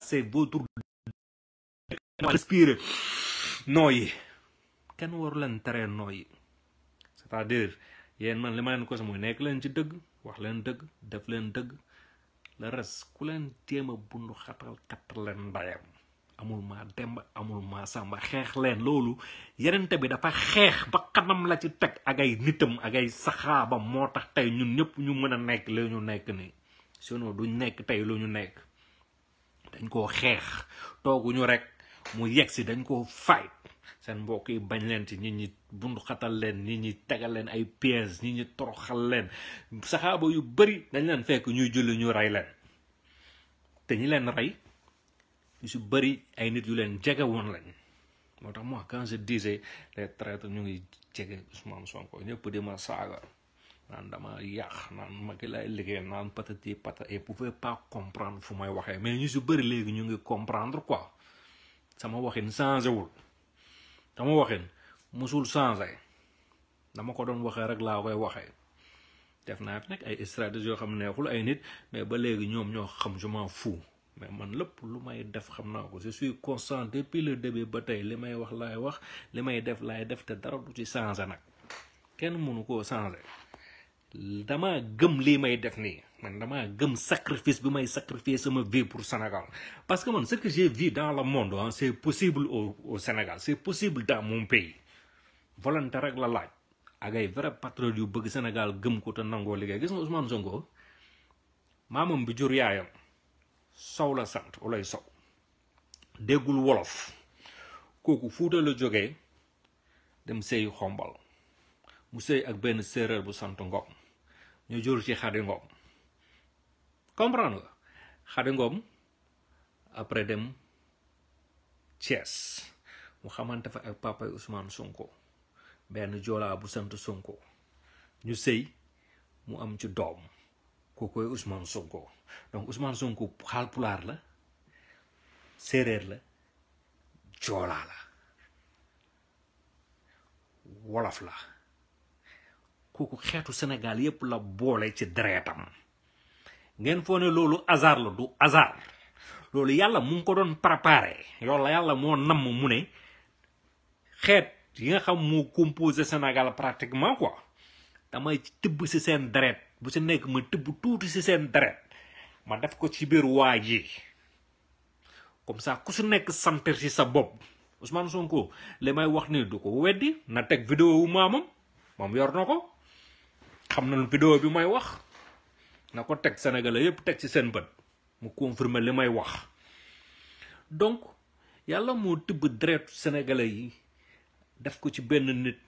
S1: vuoi respire noi kan war leen tere nooyi c'est-à-dire yéen man li ma leen ko mooy nekk leen ci dëgg wax leen dëgg def leen dëgg le reste ku amul ma demb amul ma samba xeex leen loolu yenente bi dafa xeex ba kanam la ci tek agai ay nitam ak ay saxaaba moo tax tey ñun ñëpp ñu mën a nekk la ni sinon duñ nek tey lu ñu dañ ko xex togu ñu rek mu yexi dañ ko fight seen mbokk yi bañ leen ci nit ñi bundu xatal leen nit ñi tegal leen ay pièges nit ñi toroxal leen saxaaba yu bari dañ leen fekk ñuy julli ñu rey leen te ñi leen rey ñu si bari ay nit yu leen jege won lañ moo tax moi quand je disais les traîtres ñu ngi jege Ousmane Sonko ñëpp di ma saaga naan dama yàq naan ma ki lay liggéey naan patati pata et pouvez pas comprendre fu may waxee mais ñu su bëri léegi ñu ngi comprendre ko sama waxin changé wul dama waxin mosul changé dama ko doon waxee rek laa koy waxee def naa fi nag ay stratégie yoo xam neexul ay nit mais ba léegi ñoom ñoo xam je m'en fous mais man lépp lu may def xam naa ko je suis constant depuis le début ba tey li may wax laay wax li may def laay def te dara du ci changé nag kenn mënu koo changé dama gëm lii may def nii man dama gëm sacrifice bi may sacrifier sama vie pour Sénégal parce que man ce que j'ai vu dans le monde c'est possible au au Sénégal c'est possible dans mon pays volonté rek la laaj ak ay vrai patriote yu bëgg Sénégal gëm ko te nangoo liggéey gis nga Ousmane Sonko maamam bi jur yaayam sow la sant olay sow déggul wolof kooku Fuuta la jógee dem sëy xombal mu sëy ak benn séeréer bu sant Ngom ñu jur ci xadi ngom comprendre nga xadi ngom après dem chess mu xamanté fa ak papa Ousmane Sonko ben jola bu sante Sonko ñu sey mu am ci ko koy Ousmane Sonko donc Ousmane Sonko xal pular la serer la jola la wolof la koku xetu senegal yep la bolé ci dereetam ngén foo ne loolu hasard la du hasard lolu yalla mu ngi ko doon préparé yow yalla mo nam mu né xet yi nga xam mo composer senegal pratiquement quoi damay tibb si sen deret bu ci nek ma tibb si sen deret ma def ko ci bir waji comme ça ku si nek santer si sa bob Ousmane Sonko le may wax ni du ko weddi na video video wu mamam moom yor nako xam na lu vidéo bi may wax na ko teg sénégalais yépp teg ci seen bët mu confirmer li may wax donc yàlla moo tibb deretu sénégalais yi def ko ci benn nit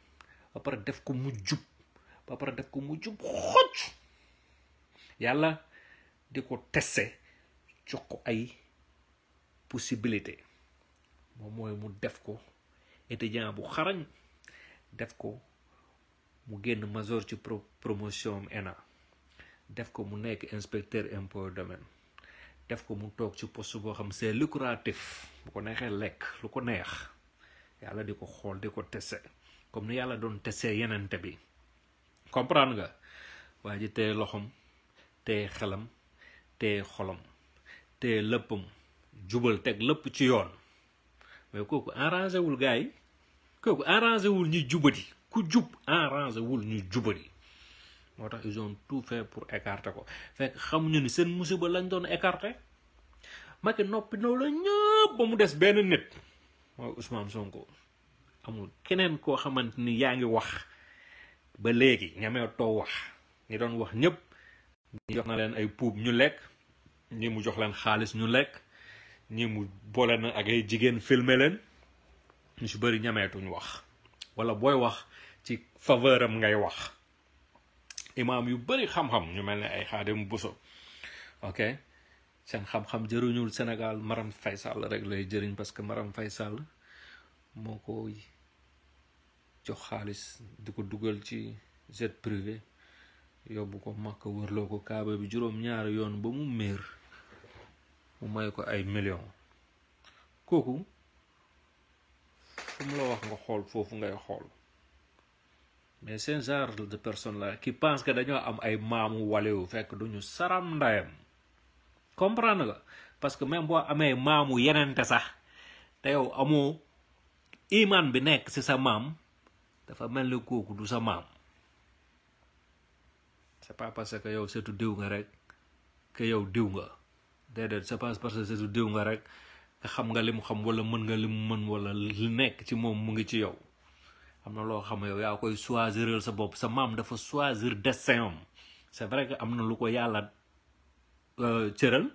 S1: ba pare def ko mu jub ba pare def ko mu jub xocc yàlla di ko teste jox ay possibilité moom mooy mu def ko étudiant bu xarañ def ko mu génn major ci promotion am ENA def ko mu nekk inspecteur impôt domaine def ko mu toog ci poste boo xam c'est lucratif bu ko neexee lekk lu ko neex yàlla di ko xool di ko tese comme ni yàlla doon tese yenente bi comprendre nga waa ji tey loxom tey xelam tey xolam tey léppam jubal teg lépp ci yoon mais kooku arrangé wul kooku arrangé ñi jubati ku jub arrangé wul ñu jubali moo tax ils ont tout fait pour écarter ko fekk xamuñu ni seen musiba lañ doon écarter Macky noppi noo la ñëpp ba mu des benn nit mooy Ousmane Sonko amul keneen koo xamante ni yaa ngi wax ba léegi ñamee too wax ñu doon wax ñëpp ñi jox na leen ay puub ñu lekk ñi mu jox leen xaalis ñu lekk ñi mu boole na ak ay jigéen filmer leen ñu si bëri ñameetuñu wax wala booy wax ci faveur am ngay wax imaam yu bari xam-xam ñu mel ni ay mu buso ok seen xam-xam jëriñul Sénégal Maram Faye Sall rek lay jëriñ parce que Maram Faye Sall moo ko jox xaalis di ko dugal ci jet privé yóbbu ko màkk wërloo ko kaaba bi juróom-ñaari yoon ba mu meer mu may ko ay million kooku fu mu la wax nga xool foofu ngay xool mais seen genre de personne là qui pense que dañoo am ay maamu walewu fekk duñu saram ndayam comprendre nga parce que même boo amee maamu yenente sax té yow amo iman bi sesamam, ci sa mam dafa mel sepa kooku du sa mam c'est pas parce que yow setu diw nga rek que yow diw nga dédé c'est pas parce que setu diw nga rek nga xam nga limu xam wala mën nga limu mën wala li nek ci mom mu ngi ci yow amna lo xam yow ya koy choisir sa bop sa mam dafa choisir dessin am c'est vrai que amna lu ko euh cëral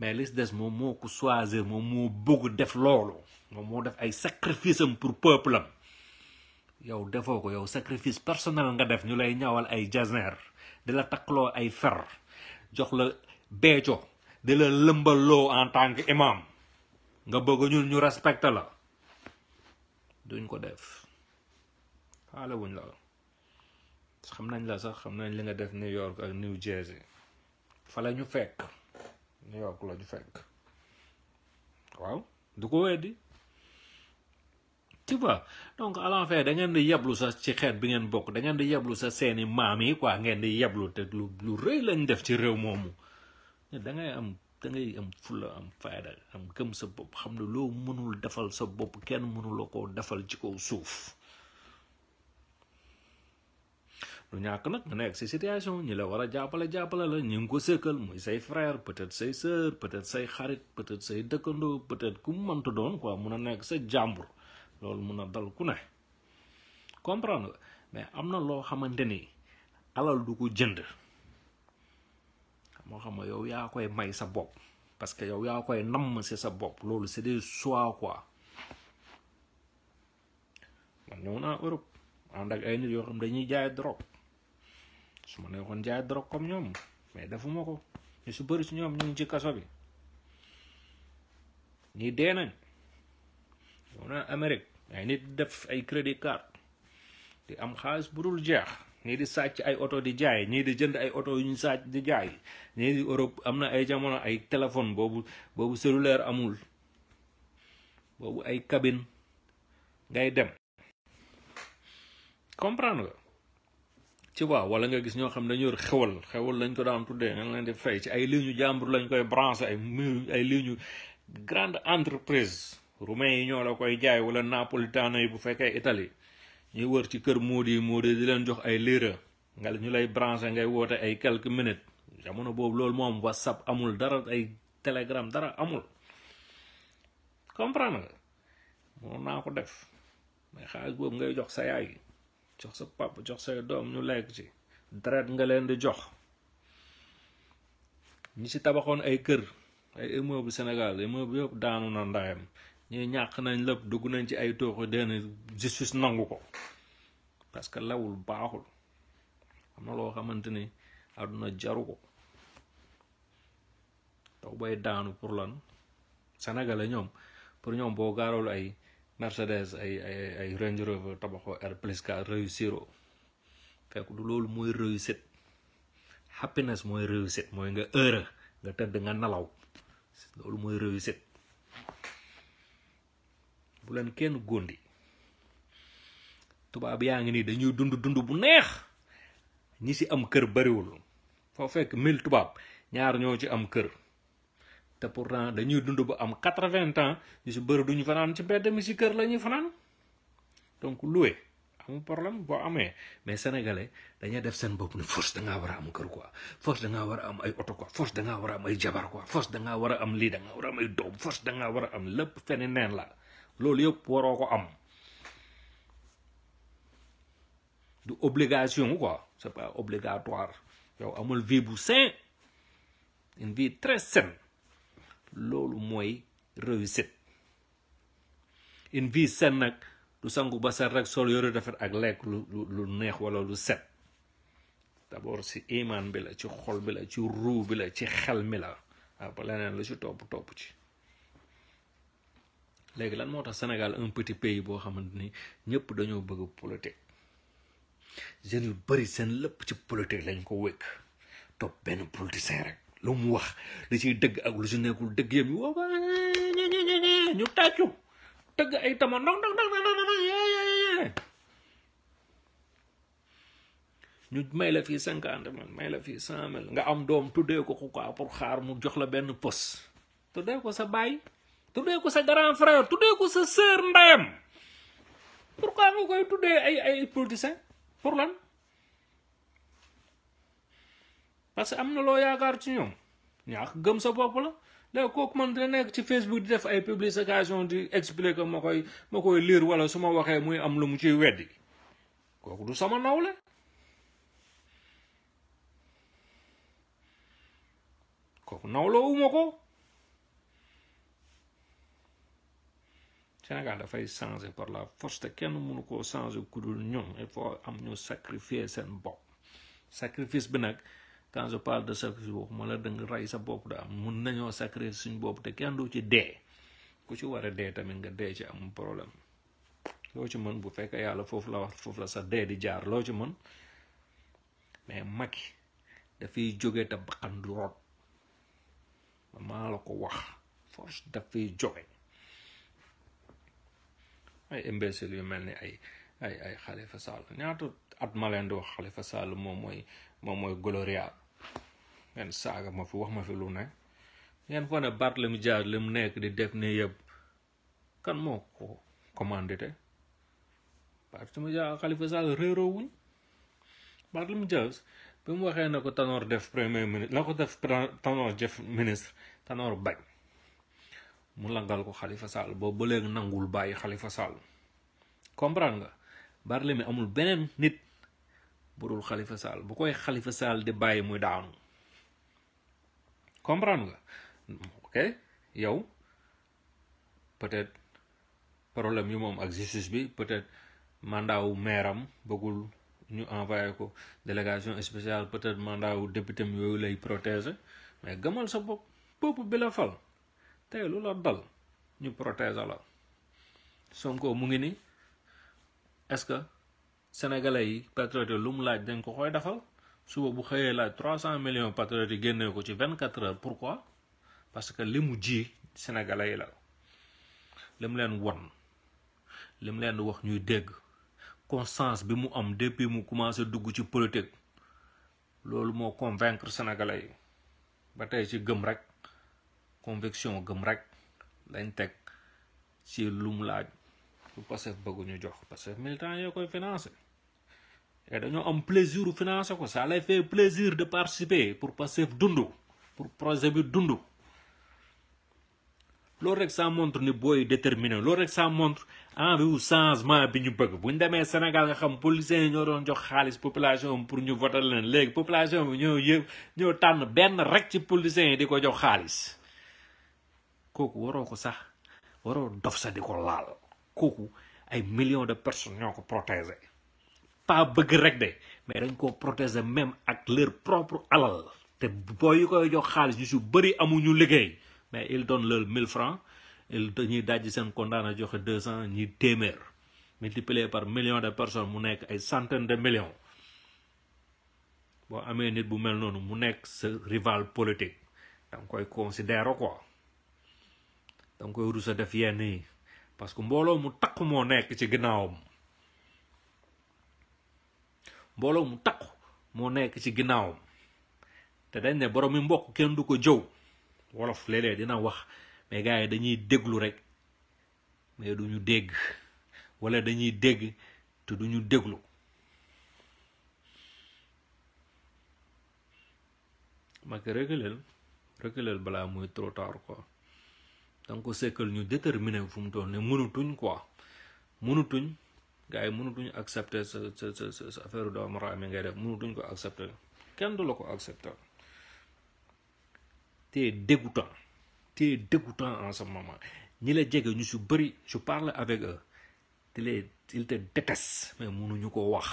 S1: mais lis des mom moo ko choisir mom mo bëgg def lolu mom mo def ay sacrifice pour peuple am yow defoo ko yow sacrifice personnel nga def ñu lay ñawal ay jazner de la taklo ay fer jox la beeco de la lëmbaloo en tant que imam nga bëgg ñun ñu respecte la duñ ko def faale wuñ la xam nañ la sax xam nañ li nga def New York ak New Jersey fa la ñu fekk New York la fekk waaw du ko weddi tu vois donc à la da ngeen di yeblu sax ci xeet bi ngeen bokk da di yeblu sa seeni maam yi quoi ngeen di yeblu te lu lu rëy lañ def ci réew moomu dangay am dangay ngay am fulla am fayda am gëm sa bopp xam ne loo mënul defal sa bopp kenn mënula koo defal ci kaw suuf Lu nyakenet ngenek si siti aso ñi la wara jappalé jappalé la ñi ko sekkal muy say frère peut-être say sœur peut-être say xarit peut-être say dëkkandoo peut-être ku mënta doon quoi mën a nekk sa jàmbur loolu dal ku ne comprendre mais am na loo xamante alal duku ko jënd moo xam yow yaa koy may sa bopp parce que yow ya koy si sa bopp loolu c'est des choix quoi man ñëw naa Europe ànd ak ay nit xam dañuy su ma neexoon jaay drogue comme ñoom mais defuma ko ñu su bëri si ñoom ñu ngi ci kaso bi ñii dee nañ yow naa Amérique ay nit def ay crédit carte di am xaalis bu dul jeex ñii di sàcc ay oto di jaay ñii di jënd ay oto yu ñu sàcc di jaay ñii di Europe am na ay jamono ay téléphone boobu boobu cellulaire amul boobu ay kabin ngay dem comprendre nga ci waa wala nga gis ñoo xam ne dañoo xewal xewal lañ ko daan tuddee nga leen di fay ci ay ligne jàmbur lañ koy branché ay mu ay ligne grande entreprise roumain yi ñoo la koy jaay wala napolitano yi bu fekkee Italie ñuy wër ci kër Modou yi Modou di leen jox ay lira nga ñu lay branché ngay woote ay quelques minutes jamono boobu loolu moom whatsapp amul dara ay telegram dara amul comprendre moom naa ko def mais xaalis boobu ngay jox sa yaay. jox sa pap jox sa dom ñu lek ci dread nga leen di jox ñi ci tabaxone ay kër ay immeuble Sénégal immeuble yop daanu na ndayam ñi ñak nañ lepp dug nañ ci ay toxu denn justice nangu ko parce que lawul baaxul amna lo xamanteni aduna ni jaru ko taw bay daanu pour lan sénégalais ñom pour ñom bo gaarul ay Mercedes ay ay ay Range Rover tabaxo R plus ka réussiro fekk du lolou moy réussite happiness moy réussite moy nga heureux nga tedd nga nalaw lolou moy réussite bu len kenn gondi tuba bi yaangi ni dañuy dund dund bu neex ñi ci am kër wul fo fekk 1000 tubaab ñaar ñoo ci am kër te pourtant dañuy dund bu am 80 ans ñu ci bëru duñu fanaan ci mbedd mi si kër la ñuy fanaan donc loué am problème bo amé mais sénégalais dañuy def seen bop ni ya force da nga wara am kër quoi force da nga wara am ay auto quoi force da nga wara am ay jabar quoi force da nga wara am li da nga wara am ay doom force da nga wara am lepp fene la loolu yëpp waro ko am du obligation quoi c'est pas obligatoire yow amul vie bu sain une vie très saine loolu moy réussite in vi sen nak du sangu ba set rek sol yoro rafet ak lek lu lu neex wala lu set d'abord ci iman bi la ci xol bi la ci ruu bi la ci xel mi la ba lenen lu ci top top ci léegi lan motax Sénégal un petit pays bo xamanteni ñepp dañu bëgg politique jeune bari sen lepp ci politique lañ ko wékk top ben politicien rek lu ya, ya, ya, mu wax li ci deug ak lu ci nekul deug yam ñu wax ñu taccu teug ay tama ndong ndong ndong ndong ndong ñu may la fi 50 man may la fi cent nga am dom tuddee ko xukaa pour xaar mu jox la ben pos tuddee ko sa bay tuddee ko sa grand frère tuddee ko sa sœur ndayam pourquoi nga koy tuddee ay ay politiciens pour lan parce que am na loo yaakaar ci ñoom ñaax gëm sa bopp la léegi kooku man dina nekk ci Facebook di def ay publication di expliquer ma koy ma koy liir wala su ma waxee muy am lu mu ciy weddi kooku du sama nawle kooku nawloo uma ko Sénégal dafay changer par la force te kenn mënu koo changer ku dul ñoom il faut am ñu sacrifier seen bopp sacrifice bi nag quand je parle de sacrifice boobu mo la dëng ray sa bop da mën nañu sacrifice suñ bop te kenn du ci dé ku ci wara dé dee tamit nga dé ci am problème lo ci mën bu fekk yalla fofu la wax fofu la sa dé di jaar lo ci mën mais da fi joggé ta bakkan du rot ma la ko wax force fi joggé ay imbécile yu melni ay ay ay Khalifa Sall at ma leen wax Khalifa Sall mom moy moom moy Gloria ngeen saga ma fi wax ma fi lu ne ngeen ko ne Barthélémy lim li mu di def ne yeb kan moo ko commandité Barthélémy jaar Khalifa sa rero wuñ Barthélémy jaar bi mu waxee na ko Tanor def premier ministre na def Tanor def ministre Tanor bañ mu langal ko Khalifa Sall bo ba léegi nangul baye Khalifa Sall comprendre nga amul benen nit bu dul Khalifa Sall bu koy Khalifa Sall di bàyyi muy daanu comprendre nga ok yow peut-être problème yu moom ak justice bi peut-être mandat wu maire am bëggul ñu envoyé ko délégation spéciale peut-être mandat wu député am yooyu lay protéger mais gëmal sa bopp peuple bi la fal tey lu la dal ñu protéger la Sonko mu ngi ni est-ce que. sénégalais yi patriote lu mu laaj dañ ko koy defal suba bu xëyee laaj trois cent millions patriote yi génnee ko ci vingt quatre heures pourquoi parce que li mu ji sénégalais yi la li mu leen won li mu leen wax ñuy dégg constance bi mu am dépuis mu commencé dugg ci politique loolu moo convaincre sénégalais yi ba tey ci gëm rek conviction gëm rek lañ teg ci lu mu laaj lu Pastef bëgguñu jox Pastef militant yoo koy financé et dañoo am plaisir u financer ko ça lay fait plaisir de participer pour Pastef dund pour projet bi dund loolu rek ça montre ni booy déterminé loolu rek ça montre envie wu changement bi ñu bëgg bu ñu demee Sénégal nga xam politiciens yi ñoo doon jox xaalis population pour ñu voter leen léegi population bi ñoo yëpp ñoo tànn benn rek ci politiciens yi di ko jox xaalis kooku waroo ko sax waroo dof sa di ko laal kooku ay millions de personnes ñoo ko protéger pas bëgg rek de mais dañ koo protéger même ak leur propre alal te booy yu koy jox xaalis yu su bëri ñu liggéey mais il donne leur mille francs il dañuy daj seen kondaana joxe deux cent ñi téeméer multiplié par million de personnes mu nekk ay centaine de millions boo amee nit bu mel noonu mu nekk sa rival politique da nga koy considérer ko da nga koy a def yenn yi parce que mbooloo mu taq moo nekk ci ginnaawam. mbooloo mu takku moo nekk ci ginnaawam te dañ ne borom mi mbokk kenn du ko jëw wolof léeg-léeg dina wax mais gars yi dañuy déglu rek mais duñu dégg wala dañuy dégg te duñu déglu ma ko reculeel reculeel balaa muy trop tard quoi donc ko sekkal ñu déterminer fu mu toll ne mënutuñ quoi mënutuñ gars yi pas accepter sa sa sa sa affaire do raam yi ngay def mënatuñ ko accepter kenn du la ko accepter té dégoûtant té dégoûtant en ce moment ñi la ñu su je parle avec eux té les ils te détestent mais ñu ko wax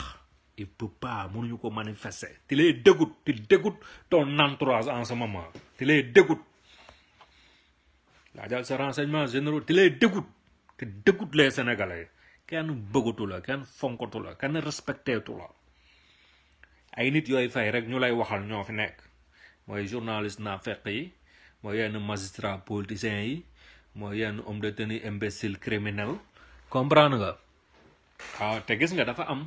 S1: il peut pas ñu ko manifester té les dégoûte té dégoûte ton entourage en ce moment té les dégoûte laajal sa renseignement généraux té les dégoûte té dégoûte les sénégalais kenn bëggatu la kenn fonkatu la kenn respecteetu la ay nit yooyu fay rek ñu lay waxal ñoo fi nekk mooy journaliste naa fekk yi mooy yenn magistrat politicien yi mooy yenn homme de tenue imbécile criminel comprendre nga waaw ah, te gis nga dafa am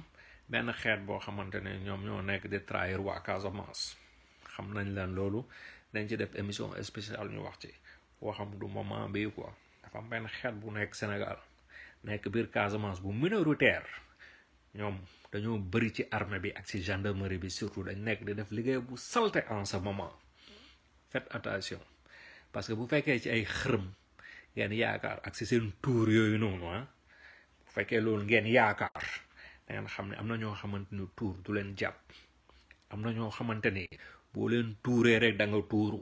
S1: benn xeet boo xamante ne ñoom ñoo nekk di trahir waa Casamance xam nañ leen loolu dañ ci def émission spéciale ñu wax ci waxam du moment bi quoi dafa benn xeet bu nekk Sénégal nekk biir Casamance bu mën ñom dañu bari ci armée bi ak ci gendarmerie bi surtout dañ nek di def liguey bu salté en ce moment faites attention parce que bu féké ci ay xërëm ngén yaakar ak ci sen tour yoyu non ah bu féké lool ngén yaakar da ngeen xamné amna ño xamanténi tour du len japp amna ño xamanténi bo len touré rek da nga tuuru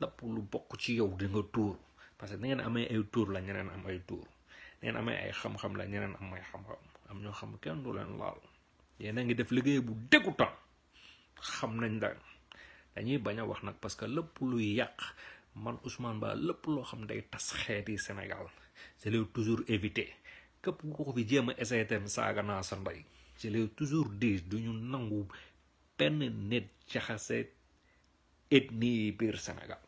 S1: lépp lu bok ci yow da nga tour parce que da ngeen amé ay tour la ñeneen am ay tour nee na amee ay xam-xam la ñeneen am may xam-xam am ñoo xam kenn du leen laal yéen a ngi def liggéey bu dégoûtant xam nañ da dañuy bañ a wax nag parce que lépp luy yàq man Ousmane Ba lépp loo xam day tas xeeti Sénégal je l' toujours évité képp ku ko fi jéem a essayé tam saaga naa sa mbay je l' toujours dit duñu nangu benn nit jaxase ethnie yi biir Sénégal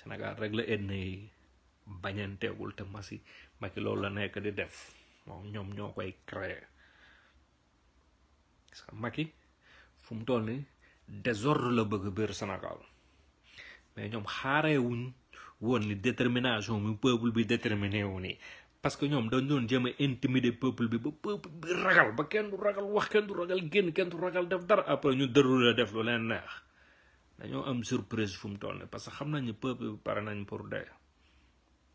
S1: Sénégal rek la ethnie yi wul te masi maki loolu la nek di def moom ñom ñoo créer sa maki fu mu toll ni désordre le bëgg bir Sénégal mais xaré wuñ won ni détermination mi peuple bi déterminé wu ni parce que ñom dañ doon jëme intimider peuple bi ba peuple bi ragal ba kenn du ragal wax kenn du ragal genn kenn du ragal def dar après ñu la def lu len neex dañu am surprise fu mu toll parce que xam nañ peuple bi paré nañ pour dé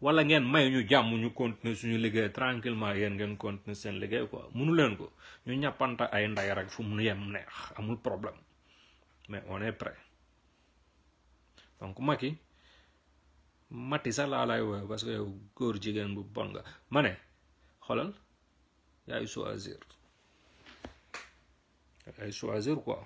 S1: wala ngeen may ñu jàmm ñu continuer suñu liggéey tranquillement yéen ngeen continuer seen liggéey ko munu leen ko ñu ñàppanta ay nday rek fu mu yem neex amul problème mais on est prêt donc Macky Mati sax laa lay parce que yow góor jigéen bu bon nga ma ne xoolal yaay choisir yaay choisir quoi